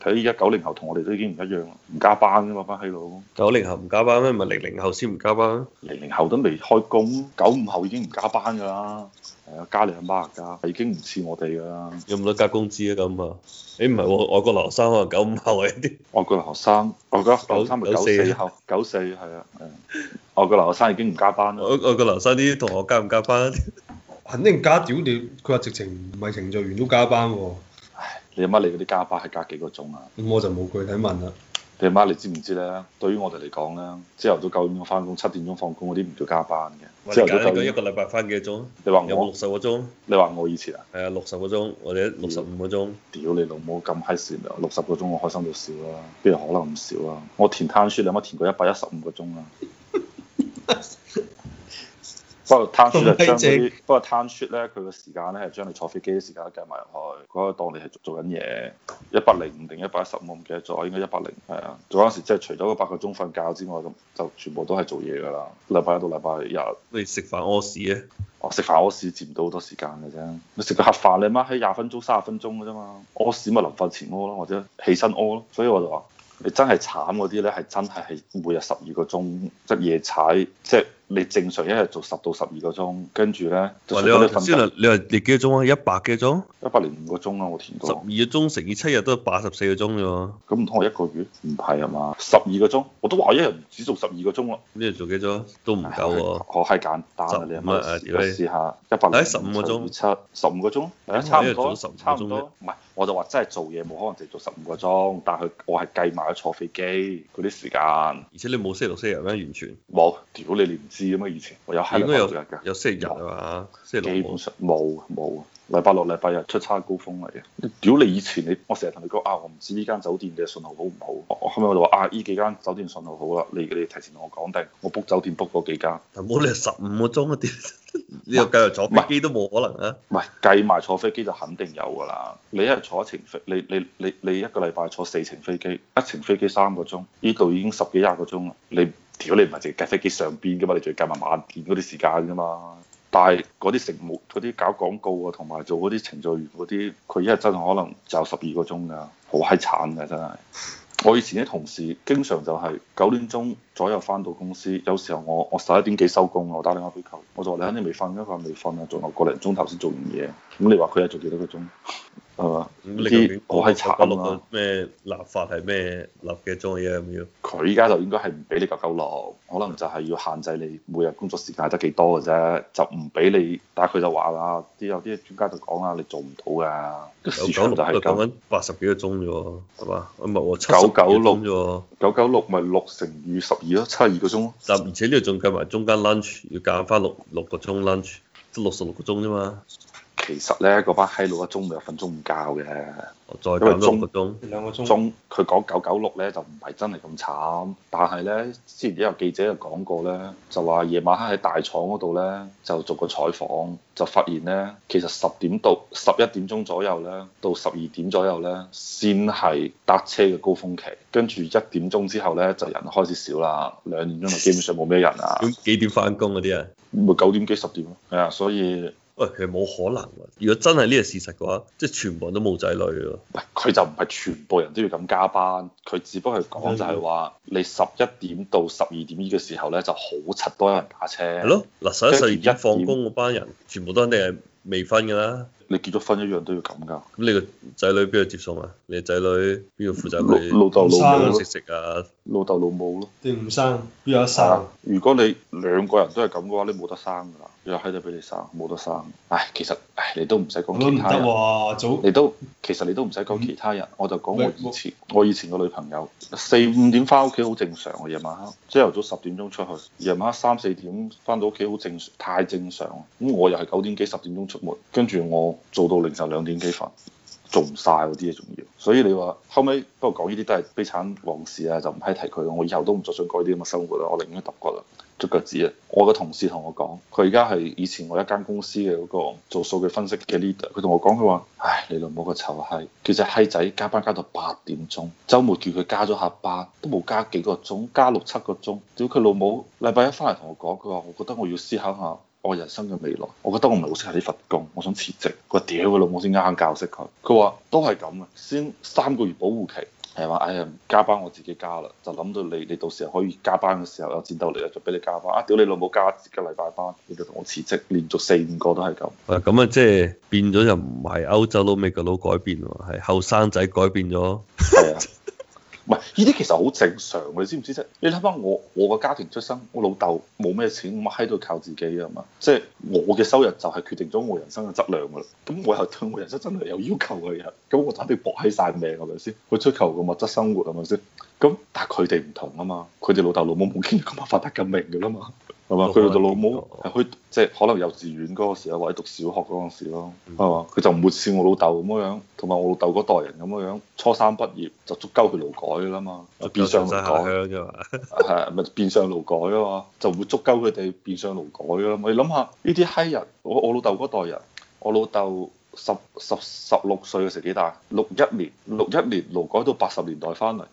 睇依家九零後同我哋都已經唔一樣啦，唔加班噶嘛，班閪佬。九零後唔加班咩？唔係零零後先唔加班？零零後都未開工，九五後已經唔加班噶啦。係啊，加你阿媽㗎已經唔似我哋噶啦。有冇得加工資啊？咁、欸、啊？誒唔係喎，外國留學生可能九五後嘅啲外國留學生， 外國留學生係九四後，九四係啊，誒，外國留學生已經唔加班啦。外外國留學生啲同學加唔加班？ 肯定加屌你！佢話直情唔係程序員都加班喎。你阿媽你嗰啲加班係隔幾個鐘啊？咁我就冇具體問啦。你阿媽你知唔知咧？對於我哋嚟講咧，朝頭早九點鐘翻工，七點鐘放工嗰啲唔叫加班嘅。朝頭早一個禮拜翻幾多鐘？你話我六十個鐘？你話我以前啊？係啊，六十個鐘，我哋六十五個鐘。屌你老母咁閪善啊！六十個鐘我開心到笑啦，啊，邊有可能唔笑啊？我填攤書，你阿媽填過一百一十五個鐘啊！ 不過攤 s h 就將啲，不過攤 s 咧佢個時間咧係將你坐飛機嘅時間都計埋入去，嗰個當你係做做緊嘢，一百零五定一百一十，我唔記得咗，應該是100，是一百零，係啊，嗰陣時即係除咗嗰八個鐘瞓覺之外，咁就全部都係做嘢㗎啦，禮拜一到禮拜日。你食飯屙屎咧？哦，食、啊、飯屙屎佔唔到好多時間嘅啫，你食個盒飯你阿媽喺廿分鐘、三十分鐘㗎啫嘛，屙屎咪臨瞓前屙咯，或者起身屙咯，所以我就話，你真係慘嗰啲咧係真係係每日十二個鐘即係夜踩即係。你正常一日做十到十二個鐘，跟住咧，你你話你幾多鐘啊？一百幾鐘？一百零五個鐘啊！我填過十二個鐘乘以七日都係八十四個鐘啫喎。咁唔通我一個月？唔係啊嘛，十二個鐘，我都話一日唔止做十二個鐘啊。一日做幾多？都唔夠啊！我係簡單，但你阿試下一百零五個鐘乘十五個鐘，差唔多十，差唔多，唔係我就話真係做嘢冇可能直接做十五個鐘，但係我係計埋咗坐飛機嗰啲時間，而且你冇星期六星期日咩？完全冇，屌你連。試啊嘛！以前我應該有、嗯、有些人啊嘛，基本上冇冇。禮拜六、禮拜日出差高峰嚟。屌你以前你，我成日同你講啊，我唔知呢間酒店嘅信號好唔好。我後尾我就話啊，呢幾間酒店信號好啦，你你提前同我講定，我 book 酒店 book 嗰幾間。但係冇、啊、 你十五個鐘嗰啲，你又計埋坐飛機是都冇可能啊！唔係計埋坐飛機就肯定有㗎啦。你一日坐一程飛，你你你你，你一個禮拜坐四程飛機，一程飛機三個鐘，呢度已經十幾廿個鐘啦，你。你如果你唔係淨係計飛機上邊嘅嘛，你仲要計埋晚點嗰啲時間嘅嘛。但係嗰啲乘務嗰啲搞廣告啊，同埋做嗰啲程序員嗰啲，佢一日真係可能就十二個鐘㗎，好閪慘㗎真係。我以前啲同事經常就係九點鐘左右翻到公司，有時候我我十一點幾收工，我打電話俾佢，我就話你肯定未瞓啦，佢未瞓啊，仲有個零鐘頭先做完嘢。咁你話佢係做幾多個鐘？係嘛？唔知你我喺查六個咩立法係咩立嘅鐘嘢咁樣。佢依家就應該係唔俾你九九六，可能就係要限制你每日工作時間得幾多嘅啫，就唔俾你。但係佢就話啦，啲有啲專家就講啦，你做唔到㗎。個市場就係咁八十幾個鐘啫喎，係嘛？唔係九九六啫九,九九六咪六乘以十二咯，七二個鐘咯。但而且呢度仲計埋中間 lunch，要減翻六六個鐘 lunch，都六十六個鐘啫嘛。其實咧，嗰班閪佬一中午有瞓中午覺嘅，我再因為兩個鐘，兩個鐘，佢講九九六咧就唔係真係咁慘，但係咧之前有記者又講過咧，就話夜晚黑喺大廠嗰度咧就做個採訪，就發現咧其實十點到十一點鐘左右咧到十二點左右咧先係搭車嘅高峰期，跟住一點鐘之後咧就人開始少啦，兩點鐘就基本上冇咩人啊。咁 幾點翻工嗰啲啊？咪九點幾十點咯，係啊，yeah, 所以。喂，其實冇可能喎。如果真係呢個事實嘅話，即係全部人都冇仔女咯。唔係，佢就唔係全部人都要咁加班，佢只不過講就係話，你十一點到十二點呢個時候咧，就好柒多人打車。係咯，嗱十一、十二一放工嗰班人，全，全部都肯定係未瞓㗎啦。你結咗婚一樣都要咁㗎。咁你個仔女邊度接送啊？你仔女邊度負責佢老豆爸老母食食啊？老豆老母咯。你唔生邊有得生，啊？如果你兩個人都係咁嘅話，你冇得生㗎啦。又喺度俾你生，冇得生。唉，其實唉，你都唔使講其他人。啊、你都其實你都唔使講其他人，嗯、我就講我以前、嗯、我以前個女朋友四五點翻屋企好正常、啊。夜晚黑朝頭早十點鐘出去，夜晚黑三四點翻到屋企好正常，太正常啦、啊。咁我又係九點幾十點鐘出門，跟住我。做到凌晨兩點幾瞓，做唔晒嗰啲嘢仲要。所以你話後尾，不過講呢啲都係悲慘往事啊，就唔係提佢咯。我以後都唔再想過呢啲咁嘅生活啦，我寧願揼骨啦，捉腳趾啊！我個同事同我講，佢而家係以前我一間公司嘅嗰個做數據分析嘅 leader，佢同我講佢話：唉，你老母個臭閪，叫隻閪仔加班加到八點鐘，週末叫佢加咗下班，都冇加幾個鐘，加六七個鐘，屌佢老母！禮拜一翻嚟同我講，佢話：我覺得我要思考下。我人生嘅未來，我覺得我唔係好適合呢份工，我想辭職。佢話：屌佢老母先啱啱教識佢，佢話都係咁嘅，先三個月保護期，係嘛？哎呀，加班我自己加啦，就諗到你你到時候可以加班嘅時候有戰鬥力就俾你加班，啊屌你老母加一個禮拜班，你就同我辭職，連續四五個都係咁。啊咁啊，即係變咗又唔係歐洲佬美國佬改變，係後生仔改變咗。係啊。唔係，呢啲其實好正常，你知唔知啫？你睇翻我我個家庭出生，我老豆冇咩錢，咁喺度靠自己啊嘛。即係、就是、我嘅收入就係決定咗我人生嘅質量噶啦。咁我又對我人生真係有要求嘅人，咁我肯定搏喺晒命，係咪先？去追求個物質生活，係咪先？咁但係佢哋唔同啊嘛，佢哋老豆老母冇經歷咁發得咁明㗎啦嘛。係嘛？佢哋老豆老母係去即係、就是、可能幼稚園嗰個時候或者讀小學嗰個時咯，係嘛？佢、嗯、就唔會似我老豆咁樣，同埋我老豆嗰代人咁樣，初三畢業就足夠去勞改噶啦嘛，變相勞改啫嘛，係咪？ 變相勞改啊嘛？就會足夠佢哋變相勞改噶啦嘛？你諗下呢啲閪人，我我老豆嗰代人，我老豆十十十六歲嘅時幾大？六一年，六一年，六一年勞改到八十年代翻嚟，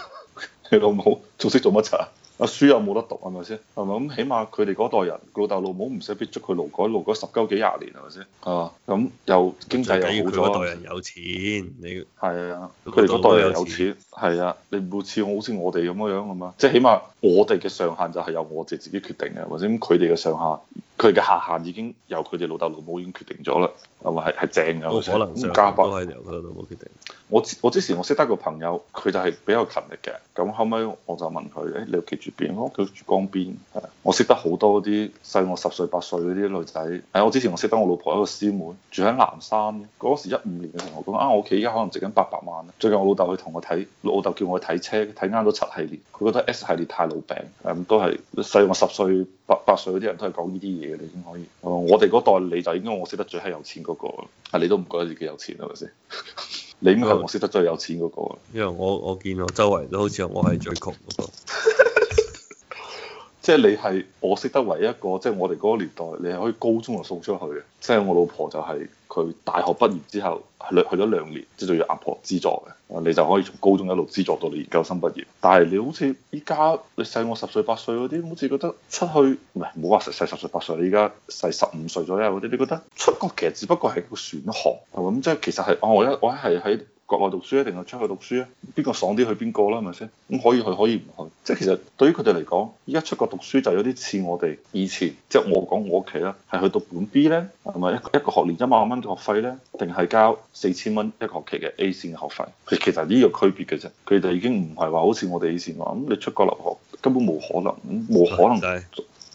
你老母仲識做乜柒啊？阿書又冇得讀係咪先？係咪？咁，起碼佢哋嗰代人，老豆老母唔使逼捉佢勞改，勞改十鳩幾廿年係咪先？係咁、啊、又經濟又好，咗，嗰代人有錢係咪你係啊，佢哋嗰代人有錢係啊，啊，你唔會似好似我哋咁樣㗎嘛？即係起碼我哋嘅上限就係由我哋自己決定嘅，或者佢哋嘅上限。佢嘅下限已經由佢哋老豆老母已經決定咗啦，係咪正㗎？冇可能，加班老豆老母決定。我我之前我識得個朋友，佢就係比較勤力嘅。咁後尾我就問佢：誒，你屋企住邊？屋企住江邊。我識得好多啲細我十歲八歲嗰啲女仔。誒，我之前我識得我、哎我，我，我，哎、我，我老婆一個師妹，住喺南山。嗰時一五年嘅同候時候我，我講啊，我屋企依家可能值緊八百萬。最近我老豆去同我睇，老豆叫我睇車，睇啱咗七系列。佢覺得 S 系列太老餅，誒、嗯，都係細我十歲。八八歲嗰啲人都係講呢啲嘢嘅，你已經可以。嗯、我哋嗰代你就應該我識得最係有錢嗰個，你都唔覺得自己有錢係咪先？是，是 你應該係我識得最有錢嗰、嗰個，因為我我見我周圍都好似我係最窮嗰個。即係你係我識得唯一一個，即、就、係、是、我哋嗰個年代，你係可以高中就送出去嘅。即、就、係、是、我老婆就係、是。佢大學畢業之後係去咗兩年，即係仲要阿婆資助嘅，你就可以從高中一路資助到你研究生畢業。但係你好似依家你細我十歲八歲嗰啲，好似覺得出去唔係，唔好話細細十歲八歲，你依家細十五歲左右嗰啲，你覺得出國其實只不過係個選項，咁即係其實係、哦、我一我係喺國外讀書啊，定係出去讀書啊？邊個爽啲去邊個啦？係咪先？咁可以去，可以唔去？即係其實對於佢哋嚟講，依家出國讀書就有啲似我哋以前，即係我講我屋企啦，係去讀本 B 咧，係咪一一個學年一萬蚊學費咧？定係交四千蚊一個學期嘅 A 線學費？其實呢個區別嘅啫，佢哋已經唔係話好似我哋以前話，咁你出國留學根本冇可能，冇可能。係，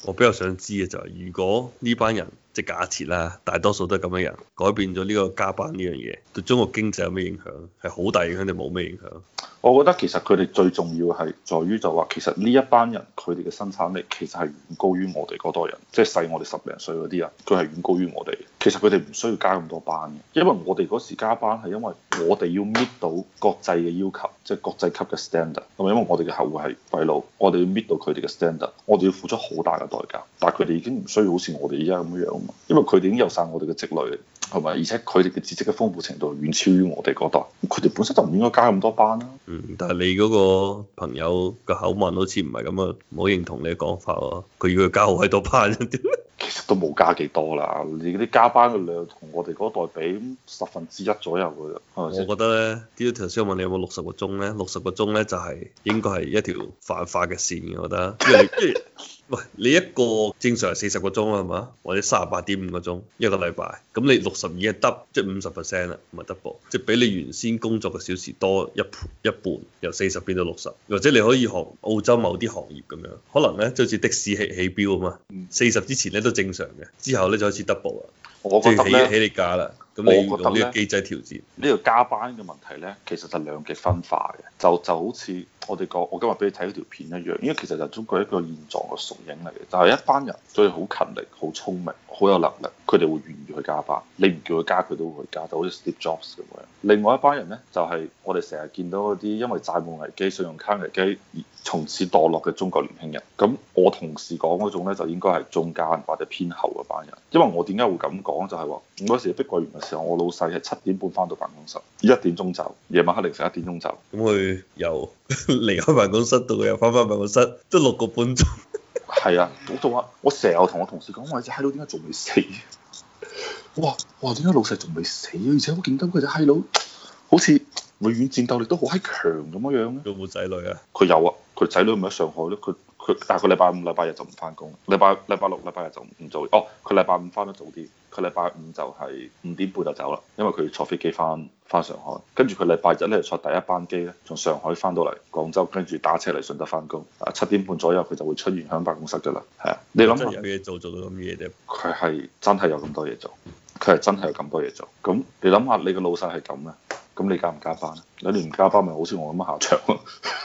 我比較想知嘅就係，如果呢班人即係假設啦，大多數都係咁嘅人，改變咗呢個加班呢樣嘢，對中國經濟有咩影響？係好大影響定冇咩影響？我覺得其實佢哋最重要係在於就話，其實呢一班人佢哋嘅生產力其實係遠高於我哋嗰代人，即係細我哋十零歲嗰啲人，佢係遠高於我哋。其實佢哋唔需要加咁多班嘅，因為我哋嗰時加班係因為我哋要搣到國際嘅要求，即係國際級嘅 standard。咁因為我哋嘅客戶係鬼佬，我哋要搣到佢哋嘅 standard，我哋要付出好大嘅代價。但係佢哋已經唔需要好似我哋而家咁樣啊嘛，因為佢哋已經有晒我哋嘅積累。係咪？而且佢哋嘅知識嘅豐富程度遠超於我哋嗰代，佢哋本身就唔應該加咁多班啦、啊。嗯，但係你嗰個朋友嘅口吻好似唔係咁啊，唔好認同你嘅講法喎、啊。佢要佢加好多班、啊， 其實都冇加幾多啦。你嗰啲加班嘅量同我哋嗰代比，十分之一左右嘅。 我覺得咧，啲人頭先我問你有冇六十個鐘咧，六十個鐘咧就係、是、應該係一條犯法嘅線，我覺得， 喂，你一個正常四十個鐘啦，係嘛？或者三十八點五個鐘一個禮拜，咁你六十二係得，即係五十 percent 啦，唔係 double，即係比你原先工作嘅小時多一倍，一半由四十變到六十，或者你可以學澳洲某啲行業咁樣，可能咧就好似的士起起標啊嘛，四十之前咧都正常嘅，之後咧就開始 double 啊，即係起起你價啦。咁我覺得咧，機制調節呢個加班嘅問題咧，其實就兩極分化嘅。就就好似我哋講，我今日俾你睇嗰條片一樣，因為其實就係中國一個現狀嘅縮影嚟嘅。就係一班人，都係好勤力、好聰明、好有能力，佢哋會願意去加班，你唔叫佢加，佢都會加，就好似 Steve Jobs 咁樣。另外一班人咧，就係我哋成日見到嗰啲因為債務危機、信用卡危機而從此墮落嘅中國年輕人。咁我同事講嗰種咧，就應該係中間或者偏後嘅班人。因為我點解會咁講，就係話嗰時碧桂園嘅時候，我老細係七點半翻到辦公室，一點鐘走，夜晚黑凌晨一點鐘走，咁佢又離開辦公室，室，到佢又翻返辦公室，即都六個半鐘。係 啊，到到啊！我成日同我同事講話，隻閪佬點解仲未死，哇哇，點解老細仲未死？而且我見到佢隻閪佬好似永遠戰鬥力都好閪強咁樣樣咧。有冇仔女啊？佢有啊，佢仔女唔喺上海咯，佢。佢但係佢禮拜五、禮拜日就唔翻工，禮拜禮拜六、禮拜日就唔做。哦，佢禮拜五翻得早啲，佢禮拜五就係五點半就走啦，因為佢要坐飛機翻翻上海，跟住佢禮拜日咧坐第一班機咧，從上海翻到嚟廣州，跟住打車嚟順德翻工。啊，七點半左右佢就會出現喺辦公室㗎啦。係啊，你諗下有嘢做做到咁嘅嘢啫。佢係真係有咁多嘢做，佢係真係有咁多嘢做。咁你諗下你個老細係咁咧，咁你加唔加班啊？你唔加班咪好似我咁樣下場咯。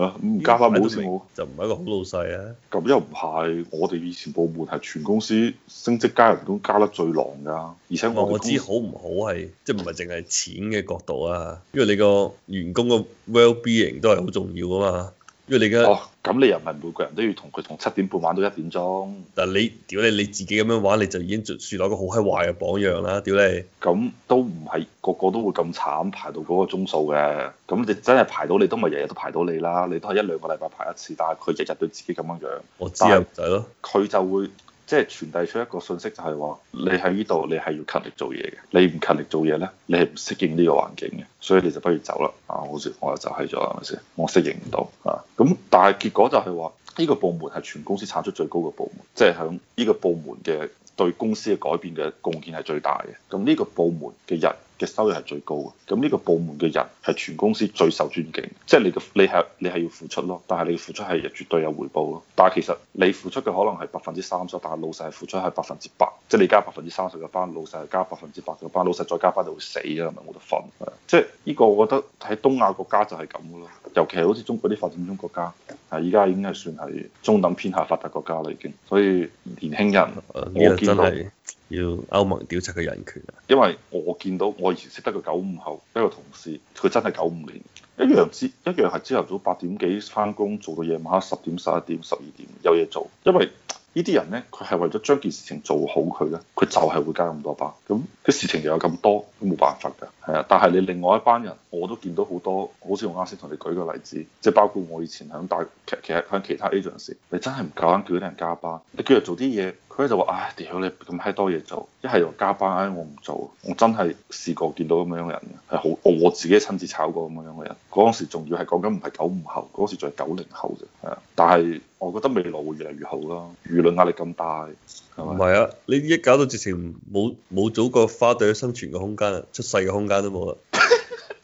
啊！加翻好先好，就唔係一個好老細啊。咁又唔係，我哋以前部門係全公司升職加人工加得最狼噶，而且我我知好唔好係，即係唔係淨係錢嘅角度啊，因為你個員工嘅 well-being 都係好重要噶嘛。因為你嘅哦，咁你又唔係每個人都要同佢從七點半玩到一點鐘。但係，你屌你你自己咁樣玩，你就已經樹立一個好閪壞嘅榜樣啦！屌你，咁都唔係個個都會咁慘排到嗰個鐘數嘅。咁你真係排到你都咪日日都排到你啦！你都係一兩個禮拜排一次，但係佢日日對自己咁樣樣。我知呀，就係咯。佢就會。即係傳遞出一個訊息，就係話你喺呢度，你係要勤力做嘢嘅。你唔勤力做嘢咧，你係唔適應呢個環境嘅，所以你就不如走啦。啊，好似我又走係咗，係咪先？我適應唔到啊。咁、嗯、但係結果就係話，呢個部門係全公司產出最高嘅部門，即係響呢個部門嘅對公司嘅改變嘅貢獻係最大嘅。咁呢個部門嘅人嘅收入係最高嘅，咁呢個部門嘅人係全公司最受尊敬，即係你個你係你係要付出咯，但係你付出係絕對有回報咯。但係其實你付出嘅可能係百分之三十，但係老細係付出係百分之百，即係你加百分之三十嘅班，老細係加百分之百嘅班，老細再加班就會死啊，係咪冇得瞓？即係呢個我覺得喺東亞國家就係咁嘅咯，尤其係好似中國啲發展中國家，係依家已經係算係中等偏下發達國家啦，已經。所以年輕人，我見係。要歐盟調查嘅人權啊，因為我見到我以前識得個九五後一個同事，佢真係九五年，一樣之一樣係朝頭早八點幾返工，做到夜晚黑十點十一點十二點有嘢做，因為呢啲人呢，佢係為咗將件事情做好，佢呢，佢就係會加咁多班，咁。啲事情又有咁多都冇辦法㗎，係啊！但係你另外一班人，我都見到好多，我好似用啱先同你舉個例子，即係包括我以前喺大其其喺其他 agency，你真係唔夠膽叫啲人加班，你叫佢做啲嘢，佢咧就話：唉、哎、屌你咁閪多嘢做，一係又加班我唔做，我真係試過見到咁樣嘅人嘅，好我自己親自炒過咁樣嘅人。嗰陣時仲要係講緊唔係九五後，嗰時仲係九零後啫，係啊！但係我覺得未來會越嚟越好咯，輿論壓力咁大，係咪？唔係啊！你一搞到直情冇冇做過。花對生存嘅空間啊，出世嘅空間都冇啦。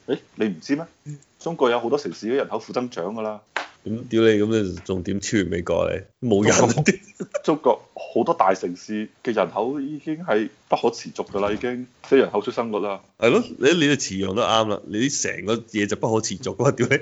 誒、哎，你唔知咩？中國有好多城市嘅人口負增長㗎啦。點、嗯、屌你咁你仲點超越美國嚟，啊？冇人中國好 多大城市嘅人口已經係不可持續㗎啦，已經即係人口出生率啦。係咯，你你嘅持容都啱啦，你啲成個嘢就不可持續㗎啦，屌你！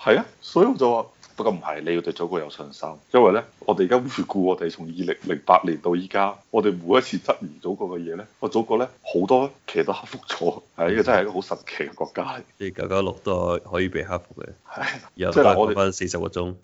係 啊，所以我就話。不過唔係，你要對祖國有信心，因為咧，我哋而家回顧我哋從二零零八年到依家，我哋每一次質疑祖國嘅嘢咧，個祖國咧好多其實都克服咗，係呢個真係一個好神奇嘅國家嚟。即係九九六都可以被克服嘅，又我哋翻四十個鐘。